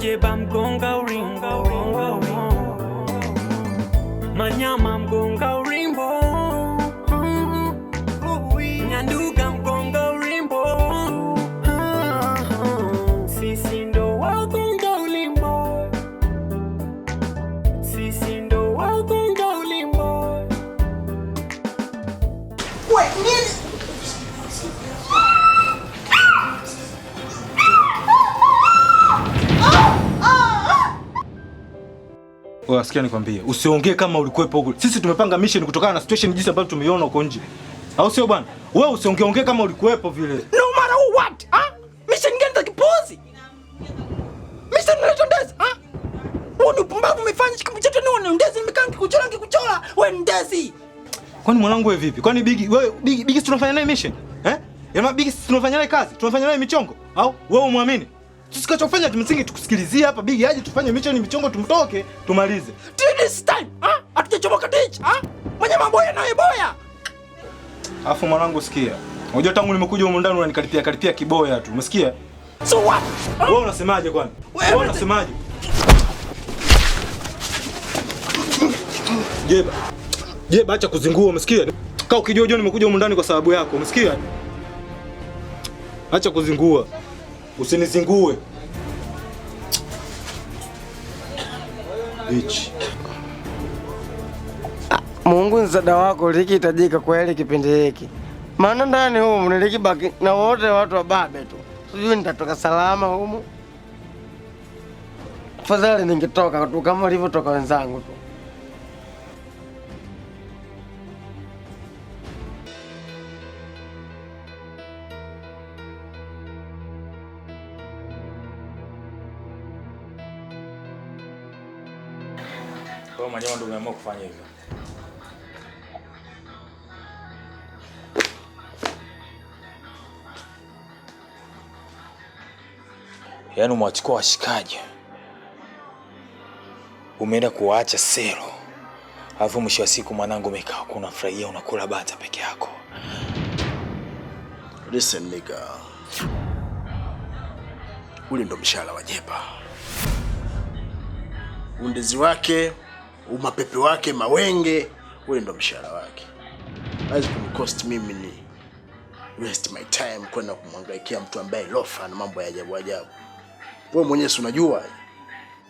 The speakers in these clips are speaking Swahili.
ring, Manyama Asikia nikwambie, usiongee kama ulikuwepo huko. Sisi tumepanga mission kutokana na situation jinsi ambayo tumeiona huko nje, au sio bwana? Wewe usiongeongee kama ulikuwepo vile. No matter what ah, mission gani za kipuzi? Mission naleta ndezi ah, wewe ni pumbavu, umefanya kitu chote ni wewe ndezi, nimekaa kikuchora kikuchora, wewe ni ndezi. Kwani mwanangu wewe vipi? Kwani bigi wewe bigi bigi tunafanya naye mission eh? Yaani bigi tunafanya naye kazi, tunafanya naye michongo au wewe umwamini? tusikachofanya kimsingi tukusikilizie hapa Bigi aje tufanye michoni michongo tumtoke tumalize. This time ah, hatujachomoka ticha ah, ha? mwenye maboya na yeboya. Afu mwanangu sikia, unajua tangu nimekuja huko ndani unanikaripia karipia kiboya tu, umesikia? So what? Wewe unasemaje kwani? Wewe unasemaje? Jeba. Jeba, acha kuzingua, umesikia? Kaa ukijua jua nimekuja huko ndani kwa sababu yako, umesikia? Acha kuzingua. Usinizingue. Bichi. Ah, Mungu msaada wako likihitajika kweli kipindi hiki, maana ndani humu nilikibaki na wote watu wa babe tu, sijui nitatoka salama humu. Fadhali ningetoka tu kama walivyotoka wenzangu tu. Kwa hiyo Manyema ndio umeamua kufanya hivyo. Yaani umewachukua washikaji umeenda kuwaacha selo, alafu mwisho wa siku mwanangu, umekaa furahia unakula bata peke yako. Listen nigga, ule ndo mshahara wa Jepa, undezi wake umapepe wake mawenge, ule ndo mshahara wake. Haiwezi kunikost mimi ni waste my time kwenda kumhangaikia mtu ambaye lofa na mambo ya ajabu ajabu. Wewe mwenyewe si unajua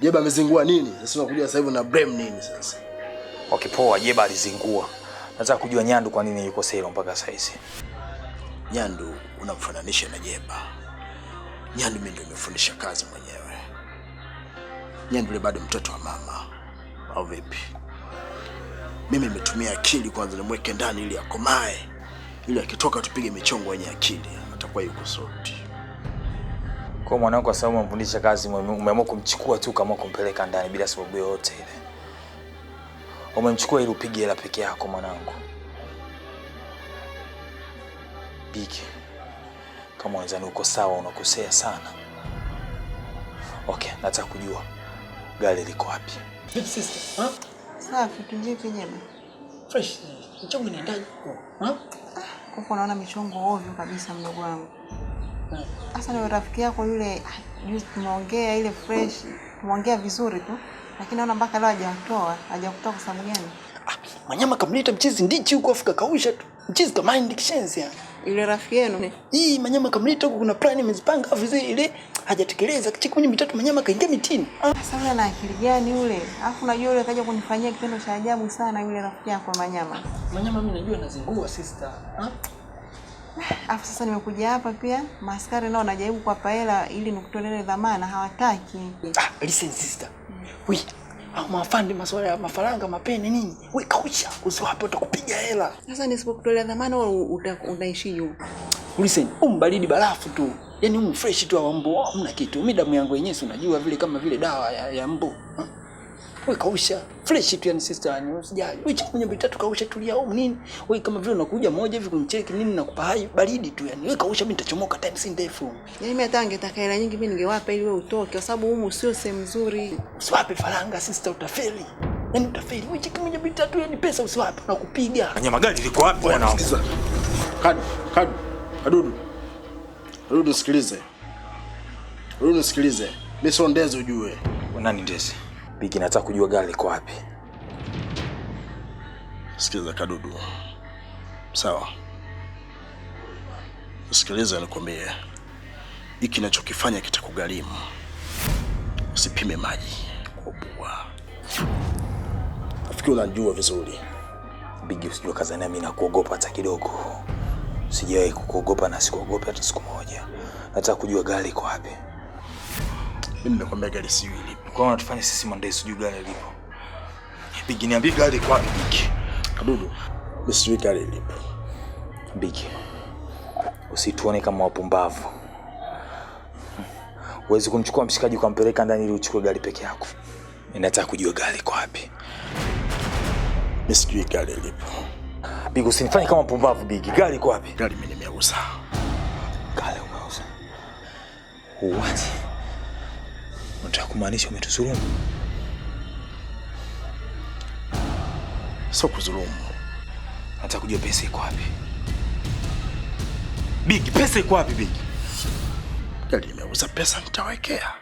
Jeba amezingua nini sasa, unakuja sasa hivi na blame nini sasa? Wakipoa Jeba alizingua. Nataka kujua Nyandu kwa nini yuko sasa mpaka sasa hivi. Nyandu unamfananisha na Jeba? Nyandu mimi ndio nimefundisha kazi mwenyewe. Nyandu ni bado mtoto wa mama au vipi? Mimi nimetumia akili kwanza, nimweke ndani ili akomae, ili akitoka tupige michongo yenye akili, atakuwa yuko sorti. Kwa mwanangu, kwa sababu umemfundisha kazi, umeamua kumchukua tu kama kumpeleka ndani bila sababu yoyote ile. Umemchukua ili upige hela peke yako mwanangu. Biki, kama wenzani uko sawa, unakosea sana. Okay, nataka kujua gari liko wapi? Vipi sister? Ha? Safi tu vipi jema? Fresh. Mchongo inaendaje Ha? Huko ah, naona michongo ovyo kabisa mdogo wangu. Sasa na rafiki yako yule juzi ah, tumeongea ile fresh, tumeongea vizuri tu. Lakini naona mpaka leo hajatoa, hajakutoa kwa sababu gani? Ah, manyama kamleta mchizi ndichi huko Afrika kausha tu. Mchizi kama hindi kishenzi. Ile rafiki yenu. Hii manyama kamleta huko kuna plan imezipanga afu ile hajatekeleza kicheki kwenye mitatu manyama kaingia mitini. Ah. Sasa yule ana akili gani yule? Alafu unajua yule akaja kunifanyia kitendo cha ajabu sana yule rafiki yako manyama. Manyama mimi najua nazingua sister. Ah? Alafu sasa nimekuja hapa pia maskari nao wanajaribu kuwapa hela ili nikutolee dhamana hawataki. Ah, listen sister. Mm. We, au mafande masuala ya mafaranga mapeni nini? We kausha, usiwape utakupiga hela. Sasa nisipokutolea dhamana wewe utaishi huko. Listen, umbalidi barafu tu. Yaani huu fresh tu wa mbu oh, hamna kitu. Mimi damu yangu yenyewe unajua vile kama vile dawa ya, ya mbu. Wewe kausha. Fresh tu yani sister yani usijali. Wewe chukua nyumba tatu kausha tulia au nini? Wewe kama vile unakuja moja hivi kumcheki nini na kupa hai baridi tu yani. Wewe kausha mimi nitachomoka time si ndefu. Yaani mimi hata angetaka hela nyingi mimi ningewapa ili wewe utoke kwa sababu humu sio sehemu nzuri. Usiwape faranga sister utafeli. Yaani utafeli. Wewe chukua nyumba tatu yani pesa usiwape na kupiga. Nyama gari liko wapi bwana? Kadu, kadu. Kadudu. Rudi usikilize. Rudi usikilize. Mimi sio ndezi ujue. Nani ndezi? Biki nataka kujua gari liko wapi. Sikiliza Kadudu. Sawa. Sikiliza nikwambie. Hiki nachokifanya kitakugharimu. Usipime maji kwa bua. Nafikiri unajua vizuri. Bigi usijua kazania mimi kuogopa hata kidogo. Sijawahi kukuogopa na sikuogopi hata siku moja. Nataka kujua gari iko wapi. Mimi nimekwambia gari si hili. Kwa nini unatufanya sisi mwandae sijui gari lipo? Bigi, niambie gari iko wapi Bigi? Kadudu, mimi sijui gari lipo. Bigi, usituone kama wapumbavu. Uwezi kumchukua mshikaji ukampeleka ndani ili uchukue gari peke yako. Ninataka kujua gari iko wapi. Mimi sijui gari lipo. Big, usinifanye kama mpumbavu Big. Gari iko wapi? Gari mimi nimeuza. Gari umeuza? What? Unataka kumaanisha umetuzulumu? Sio kuzulumu. Nataka kujua pesa iko wapi. Big, pesa iko wapi Big? Gari nimeuza, pesa nitawekea.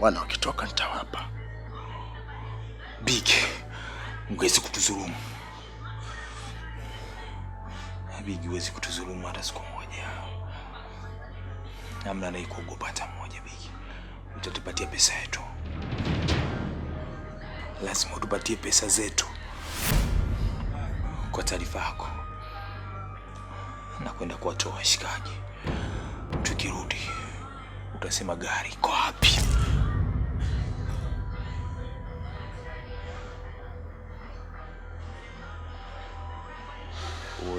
Wana wakitoka nitawapa. Big, ungeweza kutuzulumu bigi huwezi kutuzulumu hata siku moja. Namna naikuogopa hata mmoja bigi. Utatupatia pesa yetu, lazima utupatie pesa zetu. Kwa taarifa yako, nakwenda kuwatoa washikaji. Tukirudi utasema gari iko wapi?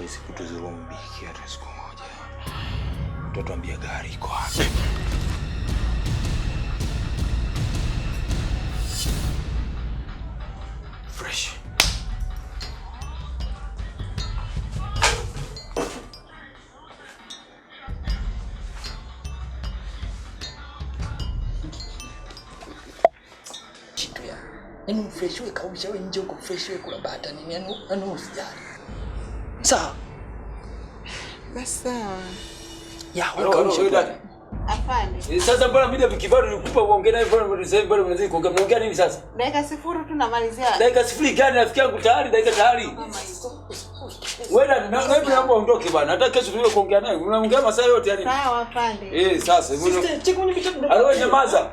hawezi kutuzuru mbiki hata siku moja. Utatuambia gari iko wapi? Fresh. Yaani fresh wewe kausha wewe nje uko fresh wewe kula bata nini? Anu yaani, anu yaani, usijali. Sawa. Eh, sasa mbona mimi nikupa uongee naye kuongea. nini sasa? Dakika sifuri tu namalizia. Dakika sifuri gani rafiki yangu tayari dakika tayari. Oh wewe na wewe naomba bwana. Hata kesho tuwe kuongea naye. Unaongea masaa yote yani. Sawa afande. Eh, sasa. nyamaza.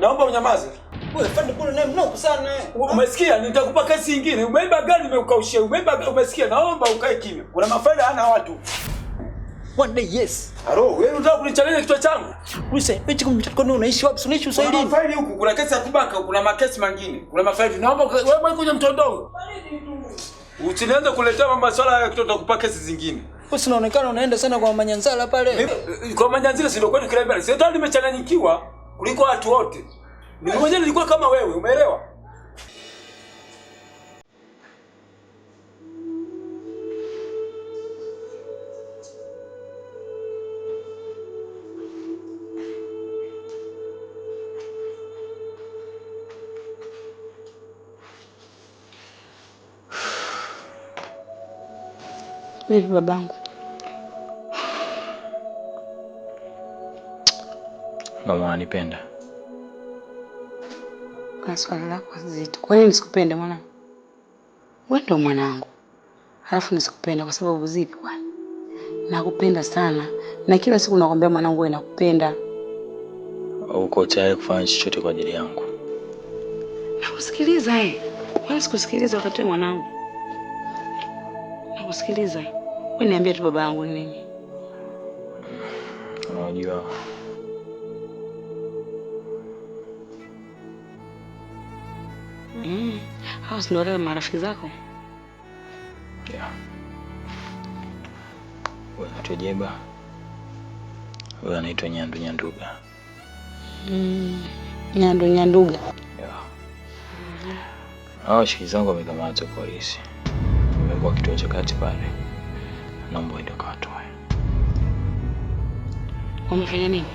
Naomba unyamaze. Eh. Umesikia, nitakupa kesi nyingine. Umeiba gari, nimekaushia. Umeiba gari, umesikia? Naomba ukae kimya. Kuna mafaida hana watu. One day yes. Aro, wewe unataka kunichanganya kichwa changu? Wewe hichi mtoto kwani Unaishi wapi? Unaishi usaidini? Kuna mafaili huku, kuna kesi ya kubaka, kuna makesi mengine. Kuna mafaili. Naomba wewe mwe kuja mtondoo. Usinianze kuletea swala ya kitoto kupa kesi zingine. Wewe unaonekana unaenda sana kwa manyanzala pale. Kwa manyanzala sio kwani kila mbele. Sasa nimechanganyikiwa kuliko watu wote. Mimi mwenyewe nilikuwa kama wewe, umeelewa? Vipi babangu? Mama anipenda. Kuna swali lako zito. Kwa nini nisikupende mwanangu? Wewe ndio mwanangu. Halafu nisikupenda kwa sababu zipi bwana? Nakupenda sana. Na kila siku nakwambia mwanangu wewe nakupenda. Uko tayari kufanya chochote kwa ajili yangu? Nakusikiliza eh. Wewe sikusikiliza wakati mwanangu. Nakusikiliza. Eh? Wewe niambie tu baba yangu nini? Unajua Mm. Hao ah, si wale marafiki zako? Yeah. Wewe unaitwa Jeba. Wewe anaitwa Nyandu Nyanduga. Mm. Nyandu Nyanduga. Yeah. Hao shiki zangu wamekamatwa polisi. Wamekuwa kituo cha kati pale. Naomba waende kawatoe. Wamefanya nini?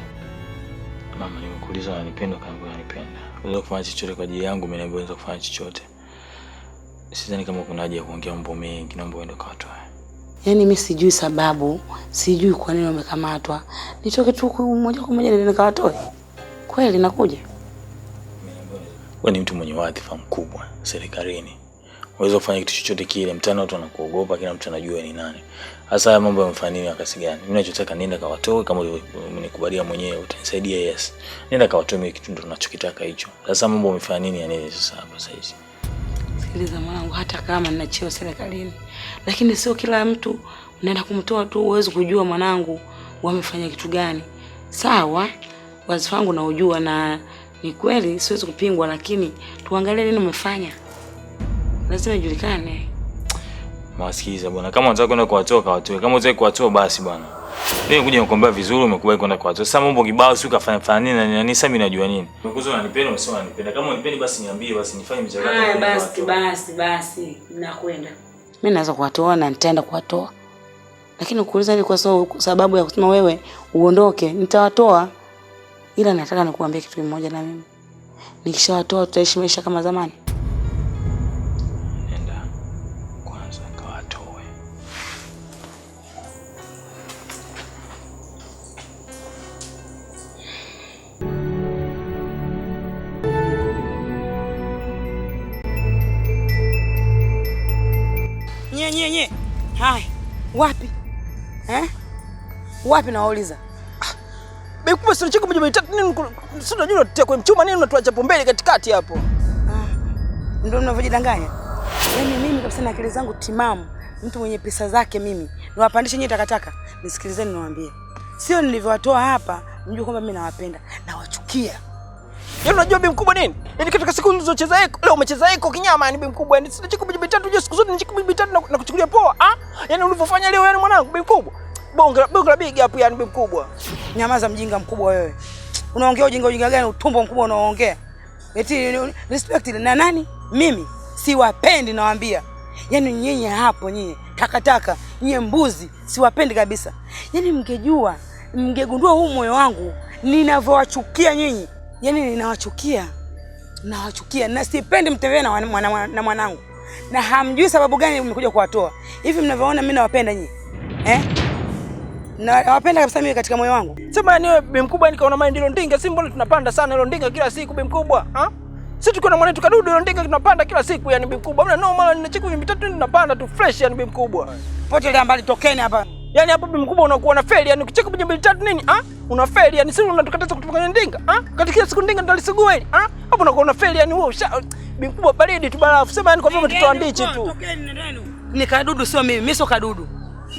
Mama, nimekuuliza wananipenda, kaniambia wananipenda unaweza kufanya chochote kwa ajili yangu, mimi naweza kufanya chochote. Sidhani kama kuna haja ya kuongea mambo mengi, naomba uende ukawatoe. Yaani mi sijui sababu, sijui kwa nini wamekamatwa. Nitoke tu moja kwa moja nikawatoe. Kweli nakuja. Wewe ni mtu mwenye wadhifa mkubwa serikalini, unaweza kufanya kitu chochote kile. Mtaani watu wanakuogopa, kila mtu anajua ni nani. Hasa haya mambo yamfanyia kasi gani? Mimi nachotaka nenda kawatoe, kama ulinikubalia mwenyewe utanisaidia, yes. Nenda kawatoe, mimi kitu ndo tunachokitaka hicho. Sasa mambo umefanya nini yani sasa hapa sasa hivi? Sikiliza mwanangu, hata kama nina cheo serikalini, lakini sio kila mtu unaenda kumtoa tu, uwezi kujua mwanangu wamefanya kitu gani. Sawa, wazifa wangu naujua na ni kweli siwezi kupingwa, lakini tuangalie nini umefanya, lazima ijulikane. Mawasikiliza bwana, kama unataka kwenda kuwatoa kawatoe, kama unataka kuwatoa basi bwana. mimi kuja nikwambia vizuri, umekubali kwenda kuwatoa. Sasa mambo kibao, si ukafanya fanya nini na nini? Yaani sasa mimi najua nini. Umekuza unanipenda, usio unanipenda. Kama unanipenda basi niambie, basi nifanye mchakato. Haya basi basi basi, nakwenda. Mimi naweza kuwatoa na nitaenda kuwatoa. Lakini ukuuliza ni kwa sababu ya kusema wewe uondoke, nitawatoa. Ila nataka nikuambie kitu kimoja na mimi. Nikishawatoa tutaishi maisha kama zamani. Wapi eh? Wapi nawauliza ah, Bekupa sio chiku moja mitatu nini? Sio unajua tutia kwa mchuma nini unatuacha pombele katikati hapo. Ah. Ndio mnavyojidanganya. Yaani mimi kabisa na akili zangu timamu, mtu mwenye pesa zake mimi. Niwapandishe nyinyi takataka. Nisikilizeni niwaambie. Sio nilivyowatoa hapa, mjue kwamba mimi nawapenda, nawachukia. Yaani unajua bi mkubwa nini? Yaani katika siku ulizocheza eko, leo umecheza eko kinyama yani bi mkubwa. Yaani sina chikubu mitatu tatu, siku zote ni chikubu mitatu na, na kuchukulia poa. Ah? Yaani ulivyofanya leo yani mwanangu bi mkubwa. Bonga bonga big hapo yani bi mkubwa. Nyamaza mjinga mkubwa wewe. Unaongea ujinga ujinga gani utumbo mkubwa unaoongea? Eti respect na nani? Mimi siwapendi nawaambia. Yaani nyinyi hapo nyinyi takataka, nyinyi mbuzi siwapendi kabisa. Yaani mngejua, mngegundua huu moyo wangu ninavyowachukia nyinyi yani ninawachukia, nawachukia na sipendi mtembee na mwanangu mwana, na hamjui sababu gani mmekuja kuwatoa hivi mnavyoona. Mimi nawapenda nyinyi eh? Nawapenda kabisa mimi katika moyo wangu. Sema niwe yaani bi mkubwa, nikaona yaani mimi ndilo ndinga. Si mbona tunapanda sana hilo ndinga kila siku bi mkubwa ha? Sisi tuko na mwanetu kadudu ndinga tunapanda kila siku yani bi mkubwa. Mbona no mara ninachika mitatu tunapanda tu fresh yani bi mkubwa. Pote ile tokeni hapa. Yaani hapo bibi mkubwa unakuwa na feli, yani ukicheka kwenye mbili tatu nini? Ah? Una feli, yani sio unatukataza kutoka kwenye ndinga. Ah? Kati kila siku ndinga ndalisugua hili. Ah? Hapo unakuwa una feli, yani wewe usha bibi mkubwa baridi tu barafu. Sema yani kwa vile mtoto andichi tu. Ni kadudu sio mimi, mimi sio kadudu.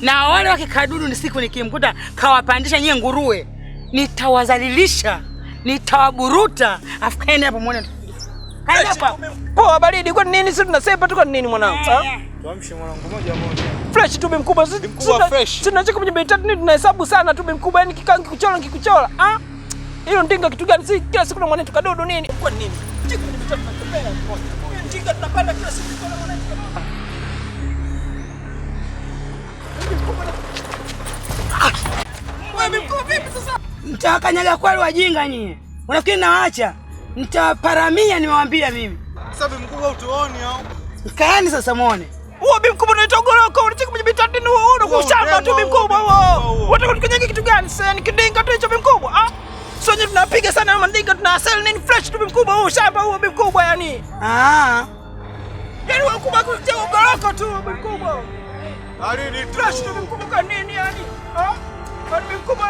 Na wale wake kadudu ni siku nikimkuta kawapandisha nyie nguruwe. Nitawazalilisha, nitawaburuta. Afu kaenda hapo muone Kaja hapa. Poa baridi, kwa nini sisi tunasepa tu kwa nini mwanangu? Eh, eh. Tuamshe mwanangu moja moja. Fresh tu bi mkubwa sisi. Mkubwa fresh. tunacheka kwenye bei tatu nini tunahesabu sana tu bi mkubwa, yani kikaa kikuchola kikuchola. Ah? Hilo ndinga kitu gani? Sisi kila siku na mwanangu kadodo nini? Kwa nini? Ndinga ni vitu tunapenda. Ndinga tunapanda kila siku kwa mwanangu. Mimi mkubwa vipi sasa? Mtakanyaga kweli wajinga nyie. Unafikiri naacha? Nitawaparamia, nimewambia mimi. Sasa bibi mkubwa utuoni au? Mkaani sasa muone. Huo bibi mkubwa unaitwa Goroko, unataka kujibita tini huo huo kwa kushamba tu bibi mkubwa huo. Unataka kunyanga kitu gani? Sasa ni kidinga tu hicho bibi mkubwa. Ah? Sio nyinyi tunapiga sana na mandinga tunasell nini fresh tu bibi mkubwa huo shamba huo bibi mkubwa yani. Ah. Yaani wewe kubwa kutia Goroko tu bibi mkubwa. Ari ni tu. fresh tu bibi mkubwa kwa nini yani? Ah? Bibi mkubwa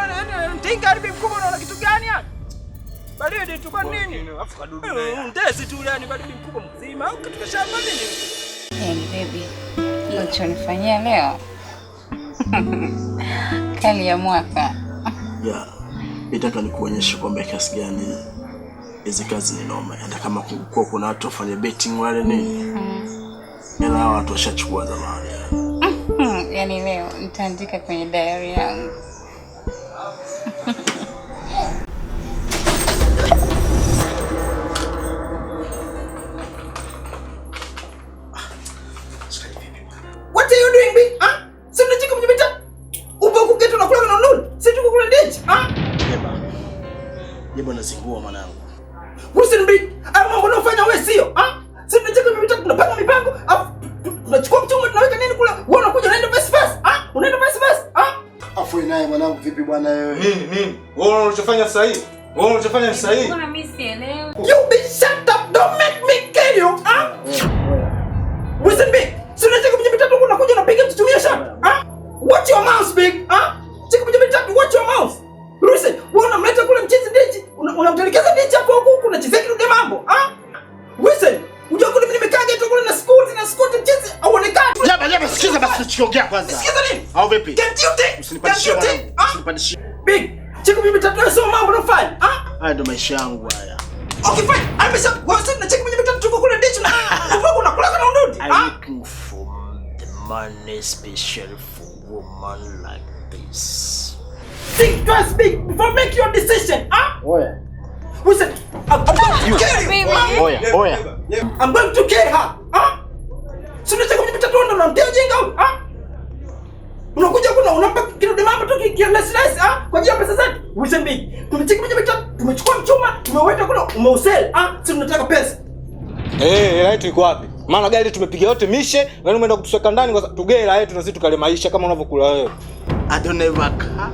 ndinga bibi mkubwa unaona kitu gani yani? Baridi tu kwa nini? Alafu kadudu hmm, naye. Ndezi tu yani baridi mkubwa mzima au kitu kashamba nini? Hey baby. Unachonifanyia leo? Kali ya mwaka. Yeah. Nitaka nikuonyeshe kwamba kiasi gani hizi kazi ni noma. Hata kama kungekuwa kuna watu wafanye betting wale nini? Mm. Mm-hmm. Yaani watu washachukua zamani. Mm-hmm. Yani leo nitaandika kwenye diary yangu. sahihi. You be shut up, don't make me kill you. Ah? Listen big. Sio na chakula mitatu kuna kuja unapiga mtu tumia shot. Ah? Watch your mouth big. Ah? Chakula mitatu watch your mouth. Listen, wewe unamleta kule mchezi ndichi, unamtelekeza ndichi hapo huko, unachezea kidude mambo. Ah? Listen, unajua kule mimi nimekaa gate kule na scooty na scooty mchezi hauonekani. Jaba jaba sikiza basi tuchiongea kwanza. Sikiza nini? Au vipi? maisha yangu haya. Okay fine. I'm a shop. Wewe sasa nacheki mwenye mtamu tuko kule ndicho. Wewe unakula kana undundi. I'm looking for the money special for woman like this. Think twice big before make your decision. Ah? Huh? Oya. We said I'm going to kill you. Oya, oya. I'm going to kill her. Ah? Sasa nacheki mwenye mtamu ndo unamtia jenga huyu. Ah? Unakuja kuna unampa kilo dema hapa tu kila slice ah kwa ajili ya pesa zetu. Listen big. Tumecheki mimi mita tumechukua mchuma, tumeweka kuna umeusel ah si tunataka pesa. Eh, hela yetu iko wapi? Maana gari tumepiga yote mishe, wewe umeenda kutusweka ndani kwa sababu tugee hela yetu na sisi tukale maisha kama unavyokula wewe. I don't have a car.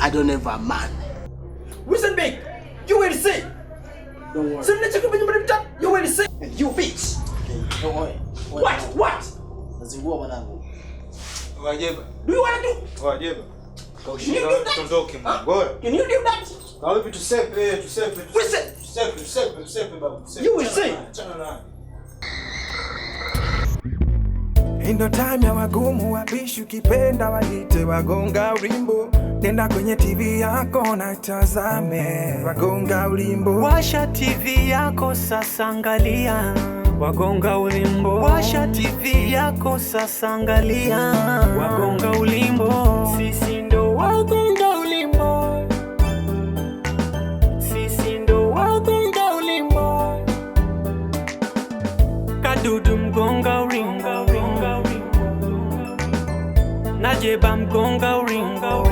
I don't have a man. Listen big. You will see. Don't worry. Sasa cheki mimi mita you will see. You bitch. Okay. Don't worry. What? What? Nazingua mwanangu. Wajeba. Do you want to? Wajeba. mbona? Ah, can you do that? tusepe, eh, tusepe. You will see. na. time ya wagumu wabishu kipenda wajite wagonga ulimbo. Nenda kwenye TV yako na tazame wagonga ulimbo. Washa TV yako sasa, angalia Wagonga Ulimbo, washa TV yako sasa, angalia Wagonga Ulimbo, sisi ndo Wagonga Ulimbo, sisi ndo Wagonga Ulimbo, kadudu mgonga ulimbo, najeba mgonga ulimbo